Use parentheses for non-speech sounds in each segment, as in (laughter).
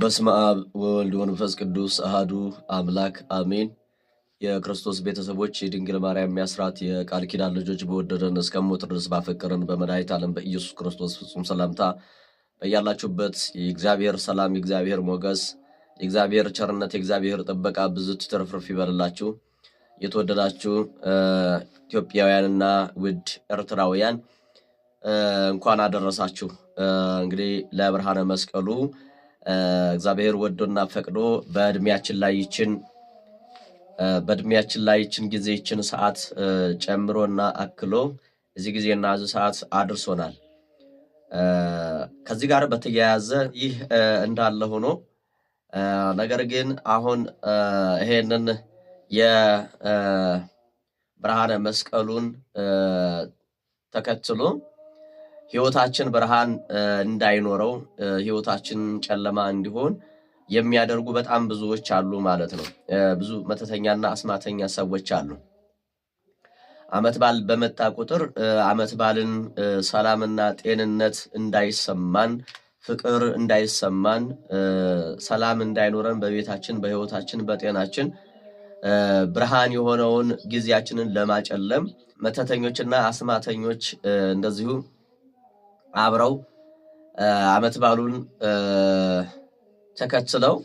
በስመ አብ ወወልድ ወመንፈስ ቅዱስ አሃዱ አምላክ አሜን። የክርስቶስ ቤተሰቦች የድንግል ማርያም ያስራት የቃል ኪዳን ልጆች በወደደን እስከ ሞት ድረስ ባፈቀረን በመድኃኒተ ዓለም በኢየሱስ ክርስቶስ ፍጹም ሰላምታ በያላችሁበት የእግዚአብሔር ሰላም፣ የእግዚአብሔር ሞገስ፣ የእግዚአብሔር ቸርነት፣ የእግዚአብሔር ጥበቃ ብዙ ትርፍርፍ ይበልላችሁ። የተወደዳችሁ ኢትዮጵያውያንና ውድ ኤርትራውያን እንኳን አደረሳችሁ። እንግዲህ ለብርሃነ መስቀሉ እግዚአብሔር ወዶና ፈቅዶ በእድሜያችን ላይ ይችን በእድሜያችን ላይ ይችን ጊዜ ይችን ሰዓት ጨምሮና አክሎ እዚህ ጊዜና እዚህ ሰዓት አድርሶናል። ከዚህ ጋር በተያያዘ ይህ እንዳለ ሆኖ ነገር ግን አሁን ይሄንን የብርሃነ መስቀሉን ተከትሎ ህይወታችን ብርሃን እንዳይኖረው ህይወታችን ጨለማ እንዲሆን የሚያደርጉ በጣም ብዙዎች አሉ ማለት ነው። ብዙ መተተኛና አስማተኛ ሰዎች አሉ። አመት በዓል በመጣ ቁጥር አመት በዓልን ሰላምና ጤንነት እንዳይሰማን፣ ፍቅር እንዳይሰማን፣ ሰላም እንዳይኖረን በቤታችን፣ በህይወታችን፣ በጤናችን ብርሃን የሆነውን ጊዜያችንን ለማጨለም መተተኞችና አስማተኞች እንደዚሁ አብረው አመት ባሉን ተከትለው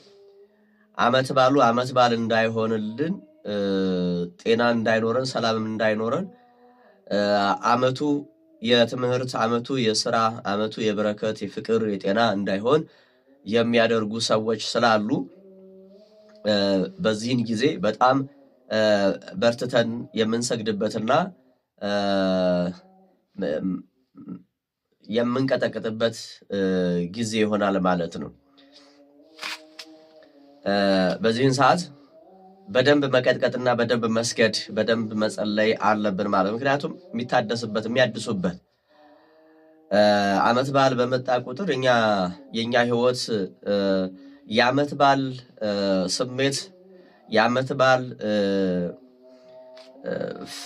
አመት ባሉ አመት ባል እንዳይሆንልን ጤና እንዳይኖረን ሰላምም እንዳይኖረን አመቱ የትምህርት አመቱ የስራ አመቱ የበረከት የፍቅር የጤና እንዳይሆን የሚያደርጉ ሰዎች ስላሉ በዚህን ጊዜ በጣም በርትተን የምንሰግድበትና የምንቀጠቅጥበት ጊዜ ይሆናል ማለት ነው። በዚህን ሰዓት በደንብ መቀጥቀጥና በደንብ መስገድ በደንብ መጸለይ አለብን ማለት ምክንያቱም የሚታደስበት የሚያድሱበት ዓመት በዓል በመጣ ቁጥር እኛ የእኛ ህይወት የዓመት በዓል ስሜት የዓመት በዓል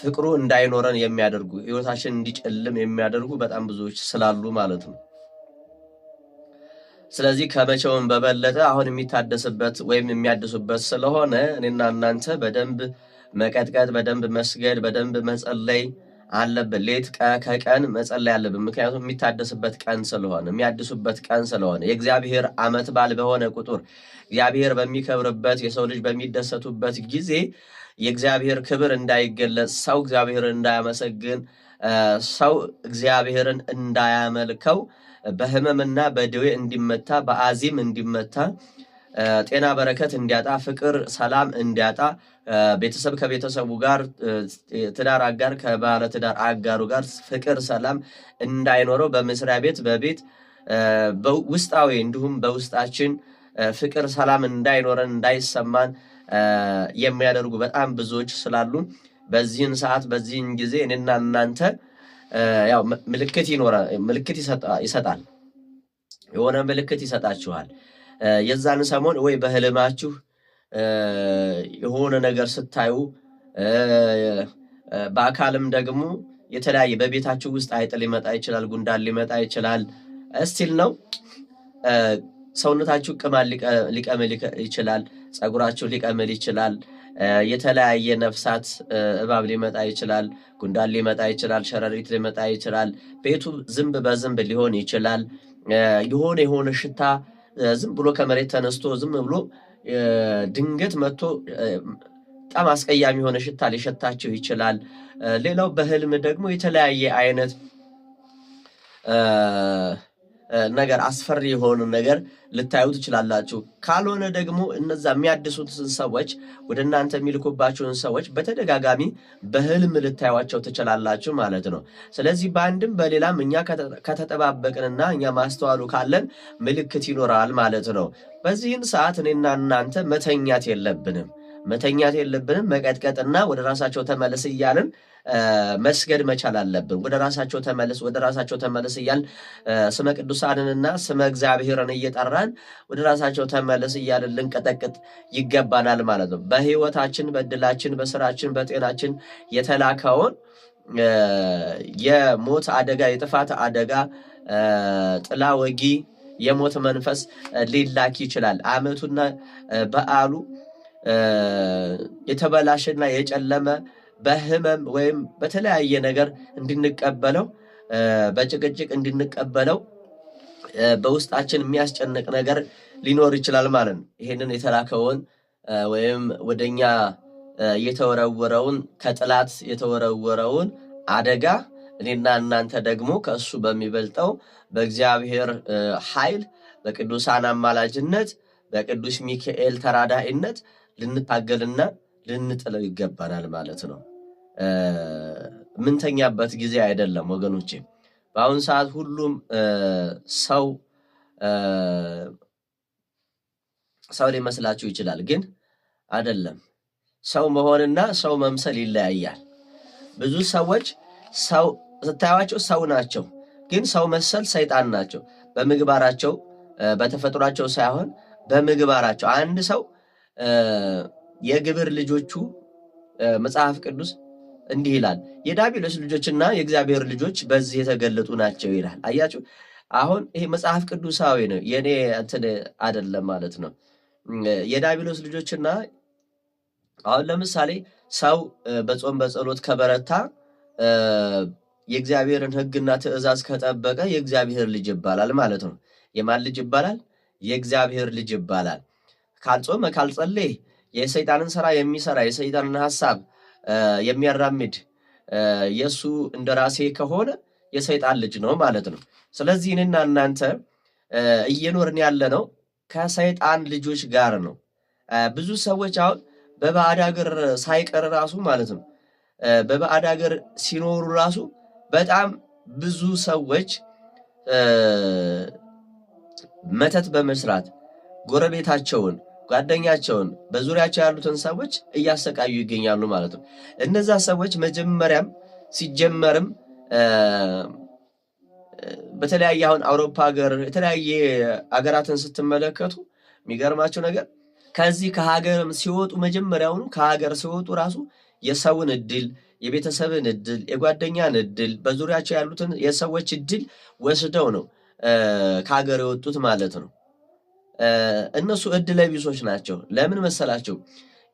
ፍቅሩ እንዳይኖረን የሚያደርጉ ህይወታችን እንዲጨልም የሚያደርጉ በጣም ብዙዎች ስላሉ ማለት ነው። ስለዚህ ከመቼውም በበለጠ አሁን የሚታደስበት ወይም የሚያድሱበት ስለሆነ እኔና እናንተ በደንብ መቀጥቀጥ፣ በደንብ መስገድ፣ በደንብ መጸለይ አለብን። ሌት ከቀን መጸለይ አለብን። ምክንያቱም የሚታደስበት ቀን ስለሆነ የሚያድሱበት ቀን ስለሆነ የእግዚአብሔር ዓመት በዓል በሆነ ቁጥር እግዚአብሔር በሚከብርበት የሰው ልጅ በሚደሰቱበት ጊዜ የእግዚአብሔር ክብር እንዳይገለጽ ሰው እግዚአብሔርን እንዳያመሰግን ሰው እግዚአብሔርን እንዳያመልከው በህመምና በደዌ እንዲመታ በአዚም እንዲመታ ጤና በረከት እንዲያጣ ፍቅር ሰላም እንዲያጣ ቤተሰብ ከቤተሰቡ ጋር ትዳር አጋር ከባለ ትዳር አጋሩ ጋር ፍቅር ሰላም እንዳይኖረው በመስሪያ ቤት በቤት ውስጣዊ እንዲሁም በውስጣችን ፍቅር ሰላም እንዳይኖረን እንዳይሰማን የሚያደርጉ በጣም ብዙዎች ስላሉ በዚህን ሰዓት በዚህን ጊዜ እኔና እናንተ ያው ምልክት ምልክት ይሰጣል፣ የሆነ ምልክት ይሰጣችኋል። የዛን ሰሞን ወይ በህልማችሁ የሆነ ነገር ስታዩ በአካልም ደግሞ የተለያየ በቤታችሁ ውስጥ አይጥ ሊመጣ ይችላል፣ ጉንዳን ሊመጣ ይችላል እስቲል ነው። ሰውነታችሁ ቅማል ሊቀም ይችላል። ፀጉራችሁ ሊቀምል ይችላል። የተለያየ ነፍሳት እባብ ሊመጣ ይችላል፣ ጉንዳን ሊመጣ ይችላል፣ ሸረሪት ሊመጣ ይችላል። ቤቱ ዝንብ በዝንብ ሊሆን ይችላል። የሆነ የሆነ ሽታ ዝም ብሎ ከመሬት ተነስቶ ዝም ብሎ ድንገት መጥቶ በጣም አስቀያሚ የሆነ ሽታ ሊሸታቸው ይችላል። ሌላው በህልም ደግሞ የተለያየ አይነት ነገር አስፈሪ የሆኑ ነገር ልታዩ ትችላላችሁ። ካልሆነ ደግሞ እነዛ የሚያድሱትን ሰዎች ወደ እናንተ የሚልኩባቸውን ሰዎች በተደጋጋሚ በህልም ልታዩቸው ትችላላችሁ ማለት ነው። ስለዚህ በአንድም በሌላም እኛ ከተጠባበቅንና እኛ ማስተዋሉ ካለን ምልክት ይኖራል ማለት ነው። በዚህን ሰዓት እኔና እናንተ መተኛት የለብንም መተኛት የለብንም መቀጥቀጥና ወደ ራሳቸው ተመለስ እያልን መስገድ መቻል አለብን። ወደ ራሳቸው ተመለስ፣ ወደ ራሳቸው ተመለስ እያል ስመ ቅዱሳንንና ስመ እግዚአብሔርን እየጠራን ወደ ራሳቸው ተመለስ እያልን ልንቀጠቅጥ ይገባናል ማለት ነው። በህይወታችን፣ በእድላችን፣ በስራችን፣ በጤናችን የተላከውን የሞት አደጋ የጥፋት አደጋ ጥላ ወጊ የሞት መንፈስ ሊላክ ይችላል። አመቱና በዓሉ የተበላሸና የጨለመ በህመም ወይም በተለያየ ነገር እንድንቀበለው በጭቅጭቅ እንድንቀበለው በውስጣችን የሚያስጨንቅ ነገር ሊኖር ይችላል ማለት ነው። ይህንን የተላከውን ወይም ወደኛ የተወረወረውን ከጥላት የተወረወረውን አደጋ እኔና እናንተ ደግሞ ከእሱ በሚበልጠው በእግዚአብሔር ኃይል በቅዱሳን አማላጅነት በቅዱስ ሚካኤል ተራዳኢነት ልንታገልና ልንጥለው ይገባናል ማለት ነው። ምንተኛበት ጊዜ አይደለም ወገኖቼ። በአሁን ሰዓት ሁሉም ሰው ሰው ሊመስላችሁ ይችላል፣ ግን አይደለም። ሰው መሆንና ሰው መምሰል ይለያያል። ብዙ ሰዎች ሰው ስታዩቸው ሰው ናቸው፣ ግን ሰው መሰል ሰይጣን ናቸው። በምግባራቸው በተፈጥሯቸው ሳይሆን በምግባራቸው አንድ ሰው የግብር ልጆቹ መጽሐፍ ቅዱስ እንዲህ ይላል፣ የዲያብሎስ ልጆችና የእግዚአብሔር ልጆች በዚህ የተገለጡ ናቸው ይላል። አያችሁ፣ አሁን ይሄ መጽሐፍ ቅዱሳዊ ነው፣ የኔ እንትን አይደለም ማለት ነው። የዲያብሎስ ልጆችና አሁን ለምሳሌ ሰው በጾም በጸሎት ከበረታ የእግዚአብሔርን ሕግና ትእዛዝ ከጠበቀ የእግዚአብሔር ልጅ ይባላል ማለት ነው። የማን ልጅ ይባላል? የእግዚአብሔር ልጅ ይባላል። ካልጾመ ካልጸሌ የሰይጣንን ስራ የሚሰራ የሰይጣንን ሀሳብ የሚያራምድ የእሱ እንደራሴ ከሆነ የሰይጣን ልጅ ነው ማለት ነው። ስለዚህ እኔና እናንተ እየኖርን ያለነው ከሰይጣን ልጆች ጋር ነው። ብዙ ሰዎች አሁን በባዕድ ሀገር ሳይቀር ራሱ ማለት ነው በባዕድ ሀገር ሲኖሩ ራሱ በጣም ብዙ ሰዎች መተት በመስራት ጎረቤታቸውን ጓደኛቸውን በዙሪያቸው ያሉትን ሰዎች እያሰቃዩ ይገኛሉ ማለት ነው። እነዛ ሰዎች መጀመሪያም ሲጀመርም በተለያየ አሁን አውሮፓ ሀገር የተለያየ ሀገራትን ስትመለከቱ የሚገርማቸው ነገር ከዚህ ከሀገርም ሲወጡ መጀመሪያውኑ ከሀገር ሲወጡ ራሱ የሰውን እድል፣ የቤተሰብን እድል፣ የጓደኛን እድል፣ በዙሪያቸው ያሉትን የሰዎች እድል ወስደው ነው ከሀገር የወጡት ማለት ነው። እነሱ ቢሶች ናቸው። ለምን መሰላቸው?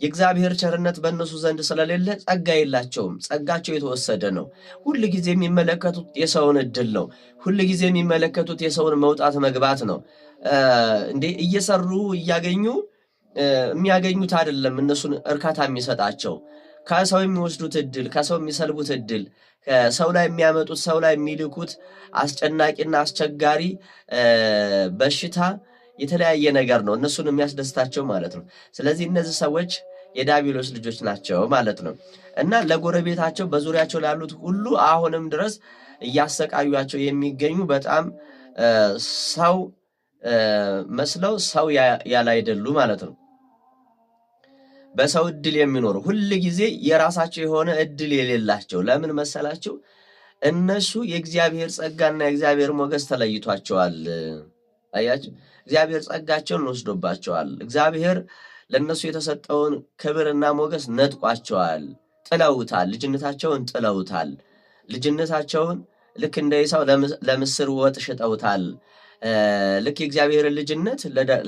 የእግዚአብሔር ቸርነት በእነሱ ዘንድ ስለሌለ ጸጋ የላቸውም። ጸጋቸው የተወሰደ ነው። ሁል ጊዜ የሚመለከቱት የሰውን እድል ነው። ሁል ጊዜ የሚመለከቱት የሰውን መውጣት መግባት ነው። እንዴ እየሰሩ እያገኙ የሚያገኙት አይደለም እነሱን እርካታ የሚሰጣቸው ከሰው የሚወስዱት እድል፣ ከሰው የሚሰልቡት እድል፣ ሰው ላይ የሚያመጡት፣ ሰው ላይ የሚልኩት አስጨናቂና አስቸጋሪ በሽታ የተለያየ ነገር ነው እነሱን የሚያስደስታቸው ማለት ነው። ስለዚህ እነዚህ ሰዎች የዳቢሎስ ልጆች ናቸው ማለት ነው እና ለጎረቤታቸው በዙሪያቸው ላሉት ሁሉ አሁንም ድረስ እያሰቃዩቸው የሚገኙ በጣም ሰው መስለው ሰው ያለ አይደሉ ማለት ነው። በሰው እድል የሚኖሩ ሁል ጊዜ የራሳቸው የሆነ እድል የሌላቸው ለምን መሰላቸው? እነሱ የእግዚአብሔር ጸጋና የእግዚአብሔር ሞገስ ተለይቷቸዋል። አያቸው እግዚአብሔር ጸጋቸውን ወስዶባቸዋል። እግዚአብሔር ለእነሱ የተሰጠውን ክብርና ሞገስ ነጥቋቸዋል። ጥለውታል። ልጅነታቸውን ጥለውታል። ልጅነታቸውን ልክ እንደ ኢሳው ለምስር ወጥ ሽጠውታል። ልክ የእግዚአብሔርን ልጅነት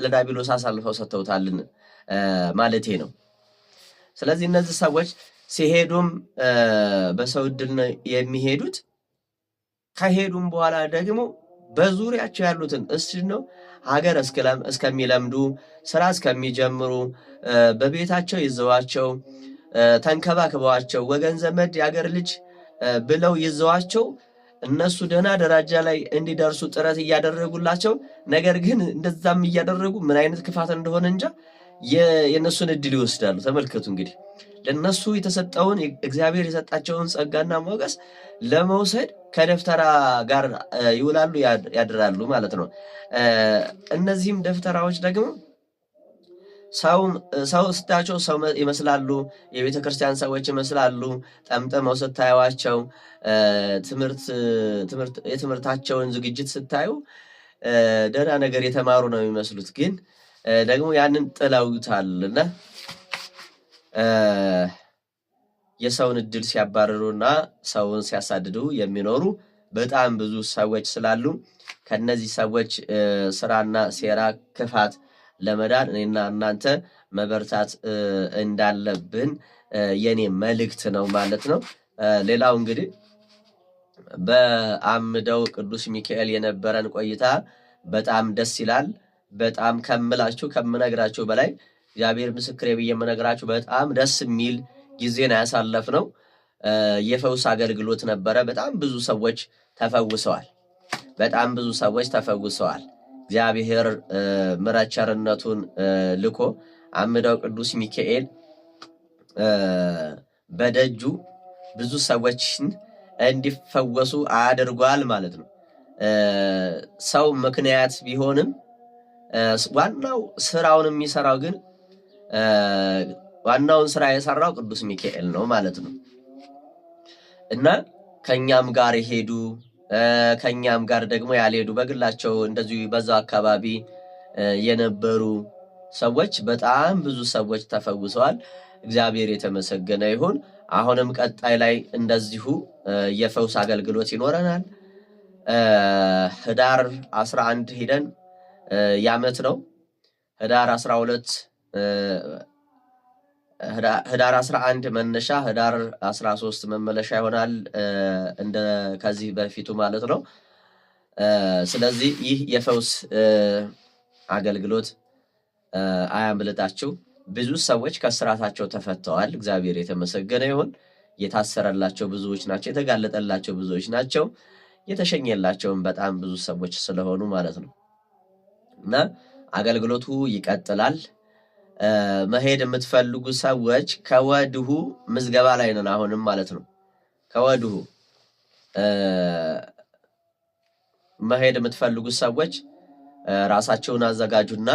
ለዳቢሎስ አሳልፈው ሰጥተውታልን ማለቴ ነው። ስለዚህ እነዚህ ሰዎች ሲሄዱም በሰው እድል ነው የሚሄዱት። ከሄዱም በኋላ ደግሞ በዙሪያቸው ያሉትን እስድ ነው ሀገር እስከሚለምዱ ስራ እስከሚጀምሩ በቤታቸው ይዘዋቸው ተንከባክበዋቸው ወገን ዘመድ የአገር ልጅ ብለው ይዘዋቸው እነሱ ደህና ደረጃ ላይ እንዲደርሱ ጥረት እያደረጉላቸው፣ ነገር ግን እንደዛም እያደረጉ ምን አይነት ክፋት እንደሆነ እንጃ የእነሱን እድል ይወስዳሉ። ተመልከቱ እንግዲህ ለእነሱ የተሰጠውን እግዚአብሔር የሰጣቸውን ጸጋና ሞገስ ለመውሰድ ከደፍተራ ጋር ይውላሉ ያድራሉ ማለት ነው። እነዚህም ደፍተራዎች ደግሞ ሰው ስታያቸው ሰው ይመስላሉ። የቤተ ክርስቲያን ሰዎች ይመስላሉ። ጠምጥመው ስታዩዋቸው፣ የትምህርታቸውን ዝግጅት ስታዩ ደህና ነገር የተማሩ ነው የሚመስሉት። ግን ደግሞ ያንን ጥለውታልና የሰውን እድል ሲያባርሩና ሰውን ሲያሳድዱ የሚኖሩ በጣም ብዙ ሰዎች ስላሉ ከነዚህ ሰዎች ስራና ሴራ፣ ክፋት ለመዳን እኔና እናንተ መበርታት እንዳለብን የኔ መልእክት ነው ማለት ነው። ሌላው እንግዲህ በአምደው ቅዱስ ሚካኤል የነበረን ቆይታ በጣም ደስ ይላል። በጣም ከምላችሁ ከምነግራችሁ በላይ እግዚአብሔር ምስክር ብዬ የምነግራችሁ በጣም ደስ የሚል ጊዜን ያሳለፍ ነው። የፈውስ አገልግሎት ነበረ። በጣም ብዙ ሰዎች ተፈውሰዋል። በጣም ብዙ ሰዎች ተፈውሰዋል። እግዚአብሔር ምረቸርነቱን ልኮ አምደው ቅዱስ ሚካኤል በደጁ ብዙ ሰዎችን እንዲፈወሱ አድርጓል ማለት ነው። ሰው ምክንያት ቢሆንም ዋናው ስራውን የሚሰራው ግን ዋናውን ስራ የሰራው ቅዱስ ሚካኤል ነው ማለት ነው እና ከእኛም ጋር የሄዱ ከእኛም ጋር ደግሞ ያልሄዱ በግላቸው እንደዚሁ በዛው አካባቢ የነበሩ ሰዎች በጣም ብዙ ሰዎች ተፈውሰዋል። እግዚአብሔር የተመሰገነ ይሁን። አሁንም ቀጣይ ላይ እንደዚሁ የፈውስ አገልግሎት ይኖረናል። ህዳር 11 ሂደን ያመት ነው ህዳር 12 ህዳር 11 መነሻ ህዳር 13 መመለሻ ይሆናል፣ እንደ ከዚህ በፊቱ ማለት ነው። ስለዚህ ይህ የፈውስ አገልግሎት አያምልጣችሁ። ብዙ ሰዎች ከስራታቸው ተፈተዋል። እግዚአብሔር የተመሰገነ ይሁን። የታሰረላቸው ብዙዎች ናቸው፣ የተጋለጠላቸው ብዙዎች ናቸው፣ የተሸኘላቸውን በጣም ብዙ ሰዎች ስለሆኑ ማለት ነው እና አገልግሎቱ ይቀጥላል። መሄድ የምትፈልጉ ሰዎች ከወድሁ ምዝገባ ላይ ነን አሁንም ማለት ነው። ከወድሁ መሄድ የምትፈልጉ ሰዎች ራሳቸውን አዘጋጁና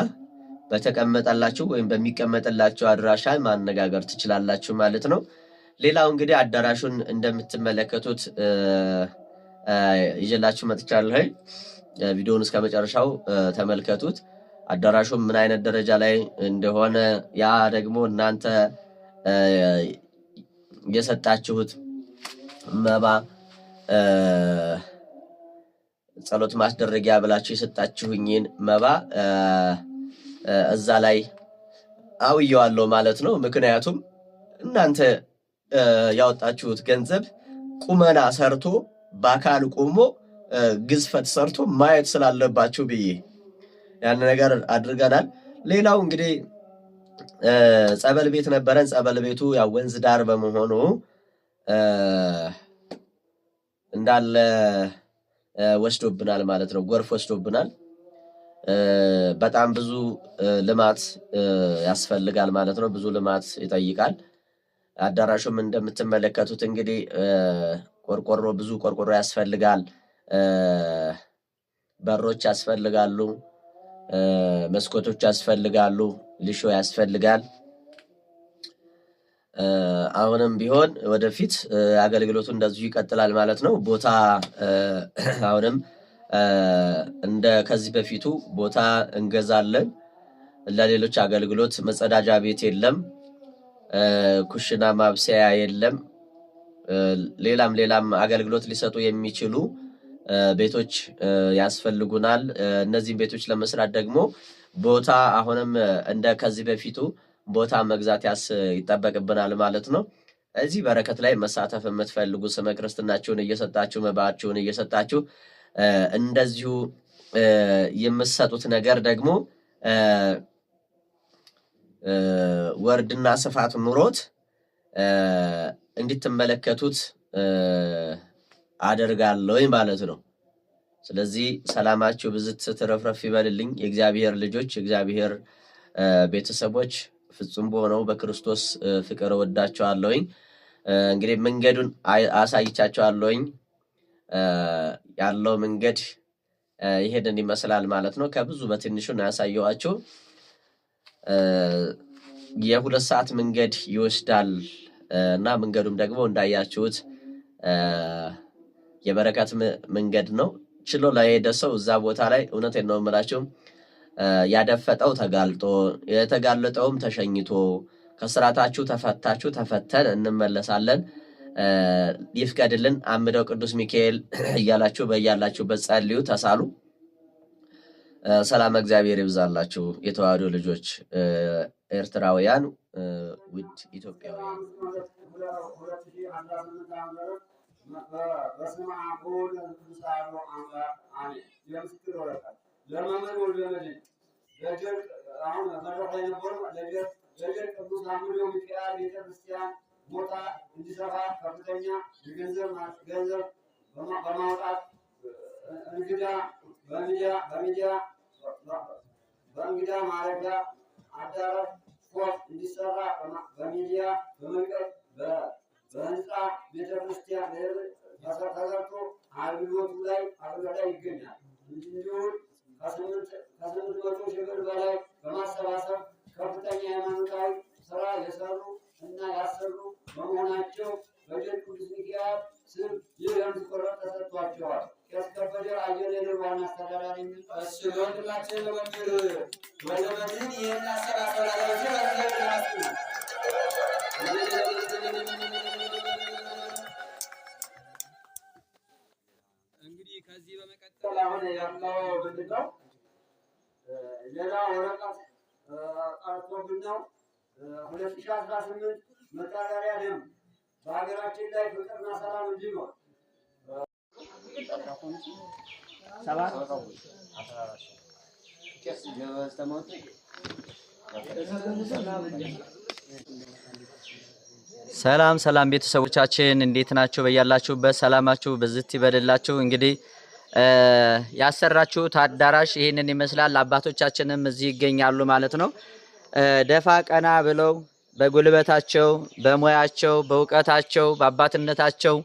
በተቀመጠላችሁ ወይም በሚቀመጥላችሁ አድራሻ ማነጋገር ትችላላችሁ ማለት ነው። ሌላው እንግዲህ አዳራሹን እንደምትመለከቱት ይዤላችሁ መጥቻለሁ። ቪዲዮውን እስከ መጨረሻው ተመልከቱት። አዳራሹም ምን አይነት ደረጃ ላይ እንደሆነ ያ ደግሞ እናንተ የሰጣችሁት መባ ጸሎት ማስደረጊያ ብላችሁ የሰጣችሁኝን መባ እዛ ላይ አውየዋለሁ ማለት ነው። ምክንያቱም እናንተ ያወጣችሁት ገንዘብ ቁመና ሰርቶ በአካል ቆሞ ግዝፈት ሰርቶ ማየት ስላለባችሁ ብዬ ያን ነገር አድርገናል። ሌላው እንግዲህ ጸበል ቤት ነበረን። ጸበል ቤቱ ያው ወንዝ ዳር በመሆኑ እንዳለ ወስዶብናል ማለት ነው። ጎርፍ ወስዶብናል። በጣም ብዙ ልማት ያስፈልጋል ማለት ነው። ብዙ ልማት ይጠይቃል። አዳራሹም እንደምትመለከቱት እንግዲህ ቆርቆሮ፣ ብዙ ቆርቆሮ ያስፈልጋል። በሮች ያስፈልጋሉ። መስኮቶች ያስፈልጋሉ፣ ሊሾ ያስፈልጋል። አሁንም ቢሆን ወደፊት አገልግሎቱ እንደዚሁ ይቀጥላል ማለት ነው። ቦታ አሁንም እንደ ከዚህ በፊቱ ቦታ እንገዛለን። ለሌሎች አገልግሎት መጸዳጃ ቤት የለም፣ ኩሽና ማብሰያ የለም። ሌላም ሌላም አገልግሎት ሊሰጡ የሚችሉ ቤቶች ያስፈልጉናል። እነዚህም ቤቶች ለመስራት ደግሞ ቦታ አሁንም እንደ ከዚህ በፊቱ ቦታ መግዛት ያስ ይጠበቅብናል ማለት ነው። እዚህ በረከት ላይ መሳተፍ የምትፈልጉ ስመ ክርስትናችሁን እየሰጣችሁ መባችሁን እየሰጣችሁ እንደዚሁ የምትሰጡት ነገር ደግሞ ወርድና ስፋት ኑሮት እንድትመለከቱት አደርጋለሁኝ ማለት ነው። ስለዚህ ሰላማችሁ ብዝት ስትረፍረፍ ይበልልኝ። የእግዚአብሔር ልጆች፣ የእግዚአብሔር ቤተሰቦች ፍጹም በሆነው በክርስቶስ ፍቅር እወዳቸዋለሁኝ። እንግዲህ መንገዱን አሳይቻቸዋለሁኝ። ያለው መንገድ ይሄንን ይመስላል ማለት ነው። ከብዙ በትንሹ ነው ያሳየኋችሁ። የሁለት ሰዓት መንገድ ይወስዳል እና መንገዱም ደግሞ እንዳያችሁት የበረከት መንገድ ነው። ችሎ ለሄደ ሰው እዛ ቦታ ላይ እውነት ነው የምላቸው ያደፈጠው ተጋልጦ የተጋለጠውም ተሸኝቶ ከስራታችሁ ተፈታችሁ ተፈተን እንመለሳለን ይፍቀድልን አምደው ቅዱስ ሚካኤል (clears throat) እያላችሁ በያላችሁበት ጸልዩ፣ ተሳሉ። ሰላም እግዚአብሔር ይብዛላችሁ። የተዋህዶ ልጆች ኤርትራውያን፣ ውድ ኢትዮጵያውያን በስመ አብ ወወልድ ወመንፈስ ቅዱስ አምላክ አሜን። የምስክር ወረቀት ለመምህር ወልደመድህን አሁን መድረክ ላይ ነበሩ። ለደጀን ቅዱስ አምዶ ሚካኤል ቤተ ክርስቲያን ቦታ እንዲሰፋ ከፍተኛ የገንዘብ ገንዘብ በማውጣት እንግዳ በሚዲያ በሚዲያ በእንግዳ ማረፊያ አዳራሽ ፎቅ እንዲሰራ በሚዲያ በመልቀቅ በህንፃ ቤተክርስቲያን ተሰርቶ አገልግሎቱ ላይ አገልግሎት ላይ ይገኛል። እንዲሁም ከስምንት መቶ ሺህ ብር በላይ በማሰባሰብ ከፍተኛ ሃይማኖታዊ ስራ የሰሩ እና ያሰሩ በመሆናቸው በደርግ ቅዱስ ሚካኤል ስም ይህ የምስክርነት ኮረብ ተሰጥቷቸዋል። ቄስ ከበደ አየለ ደርብ ዋና አስተዳዳሪ እሱ ለወንድማችን ለወንድር ወለመድን ይህን አሰባሰብ ላለመችል ለማስ አሁን ያለው ምንድን ነው? ሌላ ወረቀት ቀርቶብን ነው። ሁለት ሺህ አስራ ስምንት መጠራሪያ በሀገራችን ላይ ፍቅርና ሰላም ሰላም ሰላም ቤተሰቦቻችን እንዴት ናችሁ? በያላችሁበት ሰላማችሁ በዝት ይበልላችሁ። እንግዲህ ያሰራችሁት አዳራሽ ይህንን ይመስላል። አባቶቻችንም እዚህ ይገኛሉ ማለት ነው። ደፋ ቀና ብለው በጉልበታቸው፣ በሙያቸው፣ በእውቀታቸው፣ በአባትነታቸው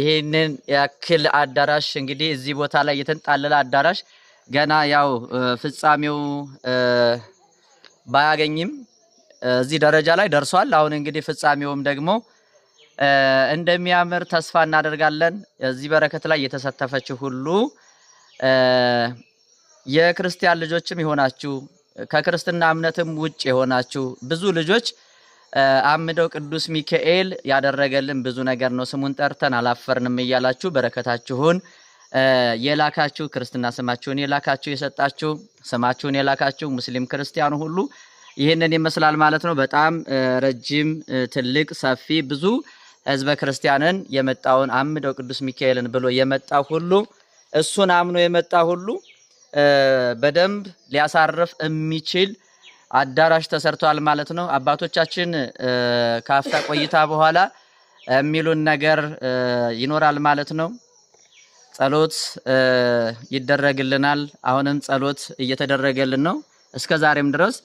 ይህንን ያክል አዳራሽ እንግዲህ እዚህ ቦታ ላይ የተንጣለለ አዳራሽ ገና ያው ፍጻሜው ባያገኝም እዚህ ደረጃ ላይ ደርሷል። አሁን እንግዲህ ፍጻሜውም ደግሞ እንደሚያምር ተስፋ እናደርጋለን። እዚህ በረከት ላይ የተሳተፈች ሁሉ የክርስቲያን ልጆችም የሆናችሁ ከክርስትና እምነትም ውጭ የሆናችሁ ብዙ ልጆች አምደው ቅዱስ ሚካኤል ያደረገልን ብዙ ነገር ነው፣ ስሙን ጠርተን አላፈርንም እያላችሁ በረከታችሁን የላካችሁ ክርስትና ስማችሁን የላካችሁ የሰጣችሁ ስማችሁን የላካችሁ ሙስሊም ክርስቲያኑ ሁሉ ይህንን ይመስላል ማለት ነው። በጣም ረጅም፣ ትልቅ፣ ሰፊ ብዙ ህዝበ ክርስቲያንን የመጣውን አምደው ቅዱስ ሚካኤልን ብሎ የመጣ ሁሉ እሱን አምኖ የመጣ ሁሉ በደንብ ሊያሳርፍ የሚችል አዳራሽ ተሰርቷል ማለት ነው። አባቶቻችን ከአፍታ ቆይታ በኋላ የሚሉን ነገር ይኖራል ማለት ነው። ጸሎት ይደረግልናል። አሁንም ጸሎት እየተደረገልን ነው። እስከ ዛሬም ድረስ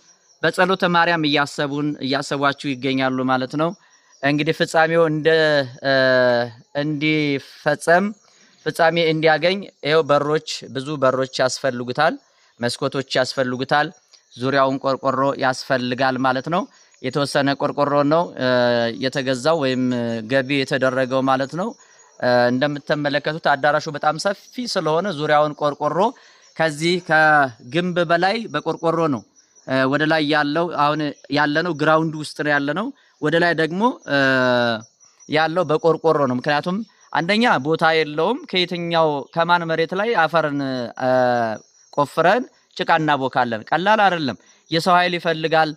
በጸሎተ ማርያም እያሰቡን እያሰቧችሁ ይገኛሉ ማለት ነው። እንግዲህ ፍጻሜው እንደ እንዲፈጸም ፍጻሜ እንዲያገኝ ይኸው በሮች ብዙ በሮች ያስፈልጉታል፣ መስኮቶች ያስፈልጉታል፣ ዙሪያውን ቆርቆሮ ያስፈልጋል ማለት ነው። የተወሰነ ቆርቆሮ ነው የተገዛው ወይም ገቢ የተደረገው ማለት ነው። እንደምትመለከቱት አዳራሹ በጣም ሰፊ ስለሆነ ዙሪያውን ቆርቆሮ ከዚህ ከግንብ በላይ በቆርቆሮ ነው ወደ ላይ ያለው። አሁን ያለነው ግራውንድ ውስጥ ነው ያለነው። ወደ ላይ ደግሞ ያለው በቆርቆሮ ነው። ምክንያቱም አንደኛ ቦታ የለውም። ከየትኛው ከማን መሬት ላይ አፈርን ቆፍረን ጭቃ እናቦካለን? ቀላል አይደለም። የሰው ኃይል ይፈልጋል።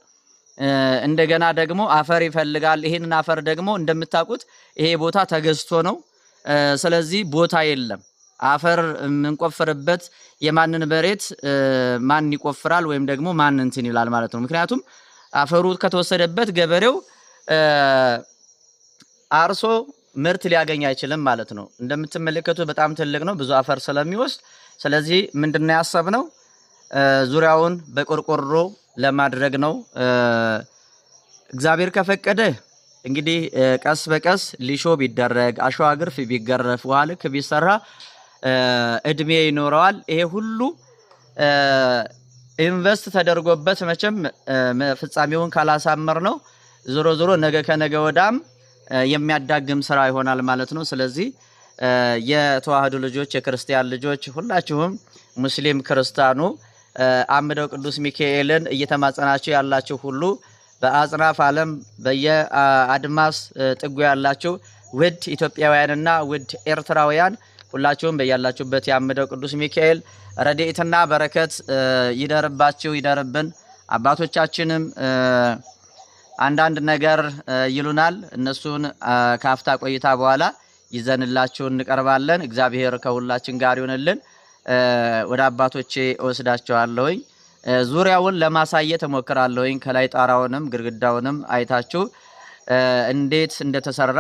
እንደገና ደግሞ አፈር ይፈልጋል። ይሄንን አፈር ደግሞ እንደምታውቁት ይሄ ቦታ ተገዝቶ ነው። ስለዚህ ቦታ የለም። አፈር የምንቆፍርበት የማንን መሬት ማን ይቆፍራል ወይም ደግሞ ማን እንትን ይላል ማለት ነው። ምክንያቱም አፈሩ ከተወሰደበት ገበሬው አርሶ ምርት ሊያገኝ አይችልም ማለት ነው። እንደምትመለከቱት በጣም ትልቅ ነው፣ ብዙ አፈር ስለሚወስድ። ስለዚህ ያሰብ ያሰብነው? ዙሪያውን በቆርቆሮ ለማድረግ ነው። እግዚአብሔር ከፈቀደ እንግዲህ ቀስ በቀስ ሊሾ ቢደረግ አሸዋ ግርፍ ቢገረፍ ውሃ ልክ ቢሰራ እድሜ ይኖረዋል። ይሄ ሁሉ ኢንቨስት ተደርጎበት መቼም ፍጻሜውን ካላሳመር ነው ዞሮ ዞሮ ነገ ከነገ ወዳም የሚያዳግም ስራ ይሆናል ማለት ነው። ስለዚህ የተዋህዶ ልጆች የክርስቲያን ልጆች ሁላችሁም ሙስሊም ክርስቲያኑ አምደው ቅዱስ ሚካኤልን እየተማጸናችሁ ያላችሁ ሁሉ በአጽናፍ ዓለም በየአድማስ ጥጉ ያላችሁ ውድ ኢትዮጵያውያንና ውድ ኤርትራውያን ሁላችሁም በያላችሁበት የአምደው ቅዱስ ሚካኤል ረድኤትና በረከት ይደርባችሁ ይደርብን። አባቶቻችንም አንዳንድ ነገር ይሉናል። እነሱን ከአፍታ ቆይታ በኋላ ይዘንላችሁ እንቀርባለን። እግዚአብሔር ከሁላችን ጋር ይሆንልን። ወደ አባቶቼ እወስዳቸዋለሁኝ። ዙሪያውን ለማሳየት እሞክራለሁኝ። ከላይ ጣራውንም ግድግዳውንም አይታችሁ እንዴት እንደተሰራ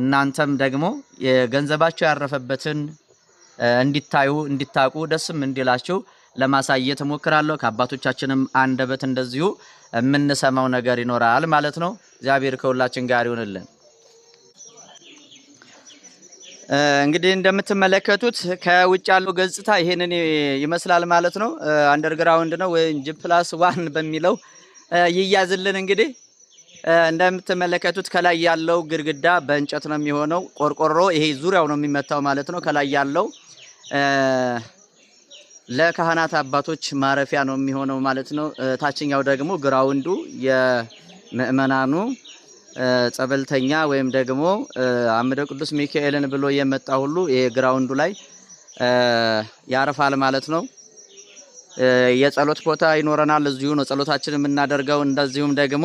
እናንተም ደግሞ የገንዘባችሁ ያረፈበትን እንዲታዩ እንዲታቁ ደስም እንዲላችሁ ለማሳየት እሞክራለሁ። ከአባቶቻችንም አንደበት እንደዚሁ የምንሰማው ነገር ይኖራል ማለት ነው። እግዚአብሔር ከሁላችን ጋር ይሆንልን። እንግዲህ እንደምትመለከቱት ከውጭ ያለው ገጽታ ይሄንን ይመስላል ማለት ነው። አንደርግራውንድ ነው ወይም ጂ ፕላስ ዋን በሚለው ይያዝልን። እንግዲህ እንደምትመለከቱት ከላይ ያለው ግድግዳ በእንጨት ነው የሚሆነው፣ ቆርቆሮ ይሄ ዙሪያው ነው የሚመታው ማለት ነው። ከላይ ያለው ለካህናት አባቶች ማረፊያ ነው የሚሆነው ማለት ነው። ታችኛው ደግሞ ግራውንዱ የምእመናኑ ጸበልተኛ ወይም ደግሞ አምደ ቅዱስ ሚካኤልን ብሎ የመጣ ሁሉ የግራውንዱ ላይ ያርፋል ማለት ነው። የጸሎት ቦታ ይኖረናል። እዚሁ ነው ጸሎታችን የምናደርገው። እንደዚሁም ደግሞ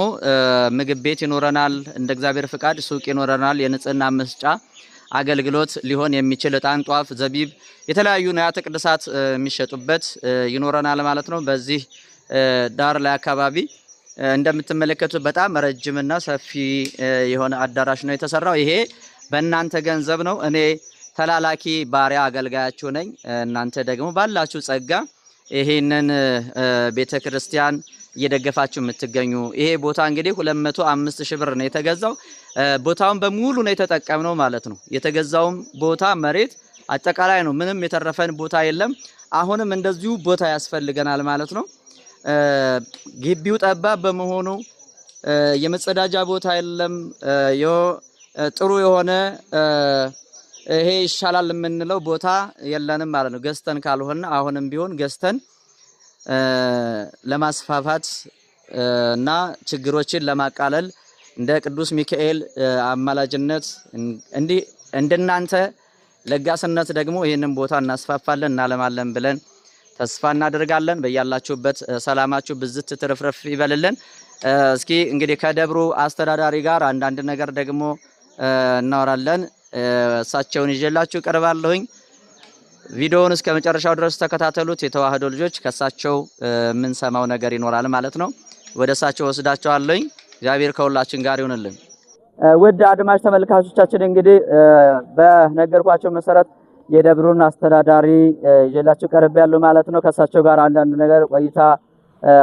ምግብ ቤት ይኖረናል። እንደ እግዚአብሔር ፍቃድ ሱቅ ይኖረናል። የንጽህና መስጫ አገልግሎት ሊሆን የሚችል እጣን፣ ጧፍ፣ ዘቢብ የተለያዩ ንዋያተ ቅድሳት የሚሸጡበት ይኖረናል ማለት ነው። በዚህ ዳር ላይ አካባቢ እንደምትመለከቱት በጣም ረጅምና ሰፊ የሆነ አዳራሽ ነው የተሰራው። ይሄ በእናንተ ገንዘብ ነው። እኔ ተላላኪ ባሪያ አገልጋያችሁ ነኝ። እናንተ ደግሞ ባላችሁ ጸጋ ይሄንን ቤተ ክርስቲያን እየደገፋችሁ የምትገኙ ይሄ ቦታ እንግዲህ 205 ሺህ ብር ነው የተገዛው። ቦታውን በሙሉ ነው የተጠቀምነው ማለት ነው። የተገዛውም ቦታ መሬት አጠቃላይ ነው። ምንም የተረፈን ቦታ የለም። አሁንም እንደዚሁ ቦታ ያስፈልገናል ማለት ነው። ግቢው ጠባብ በመሆኑ የመጸዳጃ ቦታ የለም። ጥሩ የሆነ ይሄ ይሻላል የምንለው ቦታ የለንም ማለት ነው። ገዝተን ካልሆነ አሁንም ቢሆን ገዝተን ለማስፋፋት እና ችግሮችን ለማቃለል እንደ ቅዱስ ሚካኤል አማላጅነት እንዲህ እንደናንተ ለጋስነት ደግሞ ይህንን ቦታ እናስፋፋለን እናለማለን ብለን ተስፋ እናደርጋለን። በያላችሁበት ሰላማችሁ ብዝት ትርፍርፍ ይበልልን። እስኪ እንግዲህ ከደብሩ አስተዳዳሪ ጋር አንዳንድ ነገር ደግሞ እናወራለን። እሳቸውን ይዤላችሁ ቀርባለሁኝ። ቪዲዮውን እስከ መጨረሻው ድረስ ተከታተሉት። የተዋህዶ ልጆች ከእሳቸው የምንሰማው ነገር ይኖራል ማለት ነው። ወደ እሳቸው ወስዳቸዋለሁኝ እግዚአብሔር ከሁላችን ጋር ይሁንልን። ውድ አድማጭ ተመልካቾቻችን እንግዲህ በነገርኳቸው መሰረት የደብሩን አስተዳዳሪ ይዤላችሁ ቀርብ ያለው ማለት ነው። ከእሳቸው ጋር አንዳንድ ነገር ቆይታ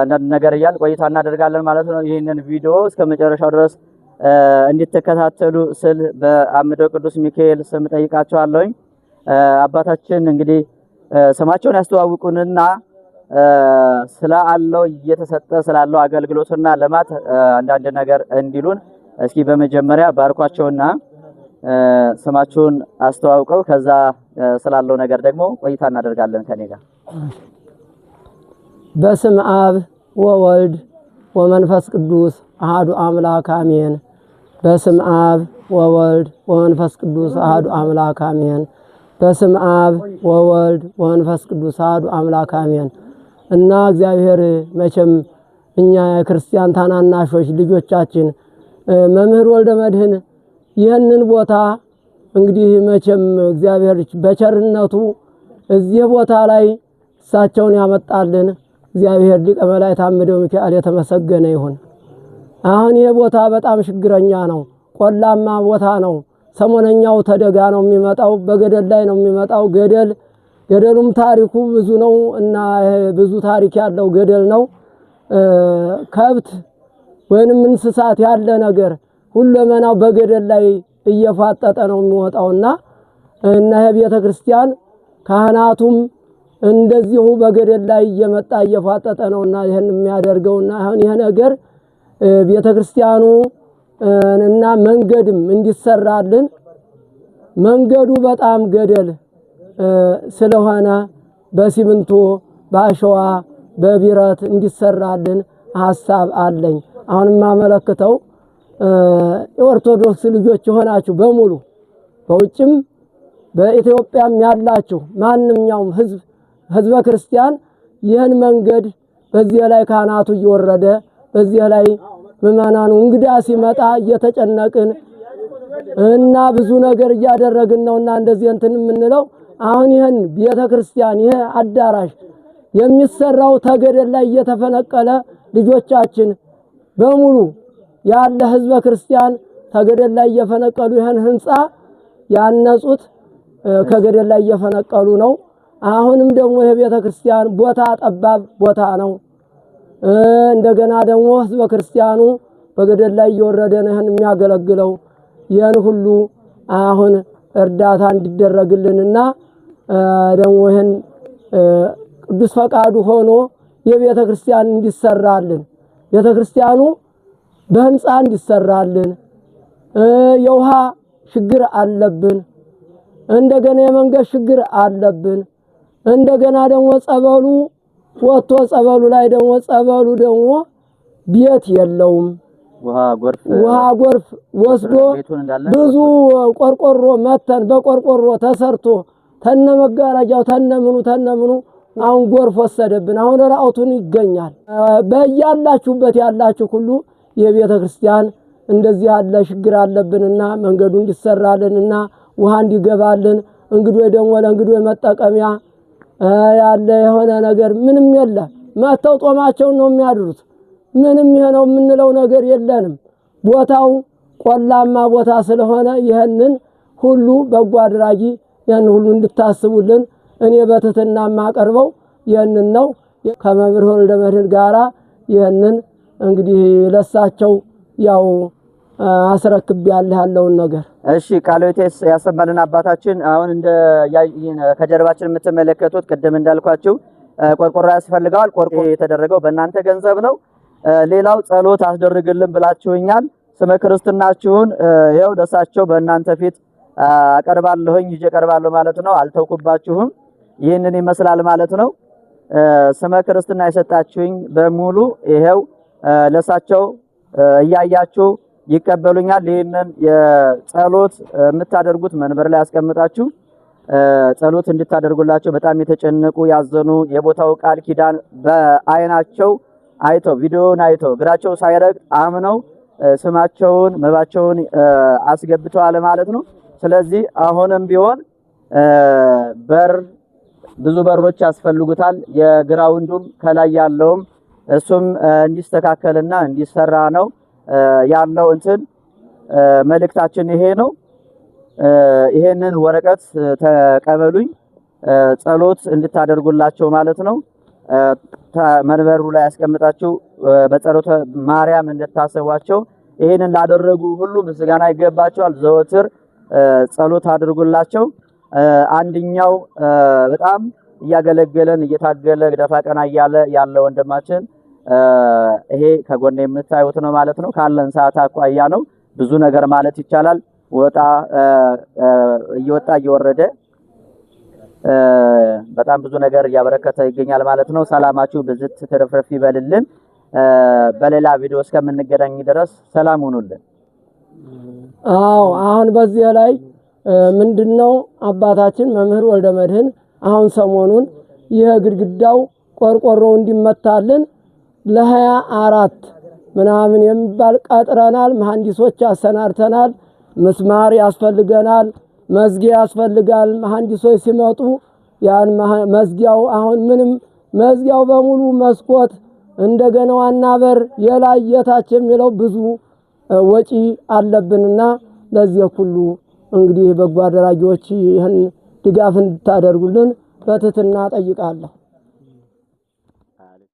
አንዳንድ ነገር እያል ቆይታ እናደርጋለን ማለት ነው። ይህንን ቪዲዮ እስከ መጨረሻው ድረስ እንድትከታተሉ ስል በአምደ ቅዱስ ሚካኤል ስም ጠይቃቸዋለሁኝ። አባታችን እንግዲህ ስማቸውን ያስተዋውቁንና ስለ አለው እየተሰጠ ስላለው አገልግሎትና ልማት አንዳንድ ነገር እንዲሉን እስኪ በመጀመሪያ ባርኳቸውና ስማችሁን አስተዋውቀው ከዛ ስላለው ነገር ደግሞ ቆይታ እናደርጋለን ከኔ ጋር። በስም አብ ወወልድ ወመንፈስ ቅዱስ አሃዱ አምላክ አሜን። በስም አብ ወወልድ ወመንፈስ ቅዱስ አህዱ አምላክ አሜን። በስም አብ ወወልድ ወመንፈስ ቅዱስ አህዱ አምላክ አሜን። እና እግዚአብሔር መቼም እኛ የክርስቲያን ታናናሾች ልጆቻችን መምህር ወልደ መድህን ይህንን ቦታ እንግዲህ መቼም እግዚአብሔር በቸርነቱ እዚህ ቦታ ላይ እሳቸውን ያመጣልን እግዚአብሔር ሊቀ መላእክት አምደው ሚካኤል የተመሰገነ ይሁን። አሁን ይህ ቦታ በጣም ችግረኛ ነው። ቆላማ ቦታ ነው። ሰሞነኛው ተደጋ ነው የሚመጣው፣ በገደል ላይ ነው የሚመጣው። ገደል ገደሉም ታሪኩ ብዙ ነው እና ብዙ ታሪክ ያለው ገደል ነው። ከብት ወይንም እንስሳት ያለ ነገር ሁለመናው በገደል ላይ እየፋጠጠ ነው የሚወጣውና እና ይህ ቤተ ክርስቲያን ካህናቱም እንደዚሁ በገደል ላይ እየመጣ እየፋጠጠ ነውና ይህን የሚያደርገውና አሁን ይህ ነገር ቤተ ክርስቲያኑ እና መንገድም እንዲሰራልን መንገዱ በጣም ገደል ስለሆነ በሲምንቶ በአሸዋ በብረት እንዲሰራልን ሀሳብ አለኝ። አሁን የማመለክተው የኦርቶዶክስ ልጆች የሆናችሁ በሙሉ በውጭም በኢትዮጵያም ያላችሁ ማንኛውም ህዝብ ህዝበ ክርስቲያን ይህን መንገድ በዚህ ላይ ካህናቱ እየወረደ በዚህ ላይ ምእመናኑ እንግዳ ሲመጣ እየተጨነቅን እና ብዙ ነገር እያደረግን እና እንደዚህ እንትን የምንለው አሁን ይህን ቤተ ክርስቲያን ይሄ አዳራሽ የሚሰራው ተገደል ላይ እየተፈነቀለ ልጆቻችን በሙሉ ያለ ህዝበ ክርስቲያን ተገደል ላይ እየፈነቀሉ ይህን ህንፃ ያነጹት ከገደል ላይ እየፈነቀሉ ነው። አሁንም ደግሞ ይሄ ቤተ ክርስቲያን ቦታ ጠባብ ቦታ ነው። እንደገና ደግሞ ህዝበ ክርስቲያኑ በገደል ላይ እየወረደ ነህን የሚያገለግለው ይህን ሁሉ አሁን እርዳታ እንዲደረግልንና ደግሞ ይህን ቅዱስ ፈቃዱ ሆኖ የቤተ ክርስቲያን እንዲሰራልን ቤተ ክርስቲያኑ በህንፃ እንዲሰራልን፣ የውሃ ችግር አለብን፣ እንደገና የመንገድ ችግር አለብን። እንደገና ደግሞ ጸበሉ ወጥቶ ጸበሉ ላይ ደግሞ ጸበሉ ደግሞ ቤት የለውም። ውሃ ጎርፍ ወስዶ ብዙ ቆርቆሮ መተን በቆርቆሮ ተሰርቶ ተነ መጋረጃው ተነ ምኑ ተነ ምኑ አሁን ጎርፍ ወሰደብን። አሁን ራቁቱን ይገኛል። በያላችሁበት ያላችሁ ሁሉ የቤተ ክርስቲያን እንደዚህ ያለ ችግር አለብንና መንገዱ እንዲሰራልንና ውሃ እንዲገባልን እንግዶ ደግሞ ለእንግዶ መጠቀሚያ ያለ የሆነ ነገር ምንም የለ መተው ጦማቸውን ነው የሚያድሩት። ምንም የሆነው ነው የምንለው ነገር የለንም። ቦታው ቆላማ ቦታ ስለሆነ ይህንን ሁሉ በጎ አድራጊ ያን ሁሉ እንድታስቡልን እኔ በትህትና የማቀርበው ይህንን ነው። ከመምህር ወልደ መድኅን ጋራ ይህንን እንግዲህ ለሳቸው ያው አስረክብ ያለው ያለውን ነገር እሺ ቃሎቴስ ያሰማልን አባታችን። አሁን እንደ ከጀርባችን የምትመለከቱት ቅድም እንዳልኳችሁ ቆርቆሮ ያስፈልገዋል። ቆርቆሮ የተደረገው በእናንተ ገንዘብ ነው። ሌላው ጸሎት አስደርግልን ብላችሁኛል። ስመ ክርስትናችሁን ይኸው ደሳቸው በእናንተ ፊት አቀርባለሁኝ ይዤ ቀርባለሁ ማለት ነው። አልተውኩባችሁም። ይህንን ይመስላል ማለት ነው። ስመ ክርስትና የሰጣችሁኝ በሙሉ ይኸው ለሳቸው እያያችሁ ይቀበሉኛል። ይህንን የጸሎት የምታደርጉት መንበር ላይ ያስቀምጣችሁ ጸሎት እንድታደርጉላቸው በጣም የተጨነቁ ያዘኑ፣ የቦታው ቃል ኪዳን በአይናቸው አይተው ቪዲዮውን አይተው እግራቸው ሳይረግጥ አምነው ስማቸውን መባቸውን አስገብተዋል ማለት ነው። ስለዚህ አሁንም ቢሆን በር ብዙ በሮች ያስፈልጉታል። የግራውንዱም ከላይ ያለውም እሱም እንዲስተካከልና እንዲሰራ ነው። ያለው እንትን መልእክታችን ይሄ ነው። ይሄንን ወረቀት ተቀበሉኝ፣ ጸሎት እንድታደርጉላቸው ማለት ነው። መንበሩ ላይ ያስቀምጣችሁ በጸሎተ ማርያም እንድታሰቧቸው። ይሄንን ላደረጉ ሁሉ ምስጋና ይገባቸዋል። ዘወትር ጸሎት አድርጉላቸው። አንድኛው በጣም እያገለገለን እየታገለ ደፋ ቀና እያለ ያለ ወንድማችን ይሄ ከጎን የምታዩት ነው ማለት ነው። ካለን ሰዓት አኳያ ነው ብዙ ነገር ማለት ይቻላል። ወጣ እየወጣ እየወረደ በጣም ብዙ ነገር እያበረከተ ይገኛል ማለት ነው። ሰላማችሁ ብዝት ትርፍርፍ ይበልልን። በሌላ ቪዲዮ እስከምንገናኝ ድረስ ሰላም ሁኑልን። አዎ አሁን በዚህ ላይ ምንድነው አባታችን መምህር ወልደ መድህን አሁን ሰሞኑን ይህ ግድግዳው ቆርቆሮ እንዲመታልን ለሀያ አራት ምናምን የሚባል ቀጥረናል። መሐንዲሶች አሰናድተናል ምስማር ያስፈልገናል። መዝጊያ ያስፈልጋል። መሐንዲሶች ሲመጡ ያን መዝጊያው አሁን ምንም መዝጊያው በሙሉ መስኮት፣ እንደገና ዋና በር፣ የላይ የታች የሚለው ብዙ ወጪ አለብንና ለዚህ ሁሉ እንግዲህ በጎ አድራጊዎች ይህን ድጋፍ እንድታደርጉልን በትህትና ጠይቃለሁ።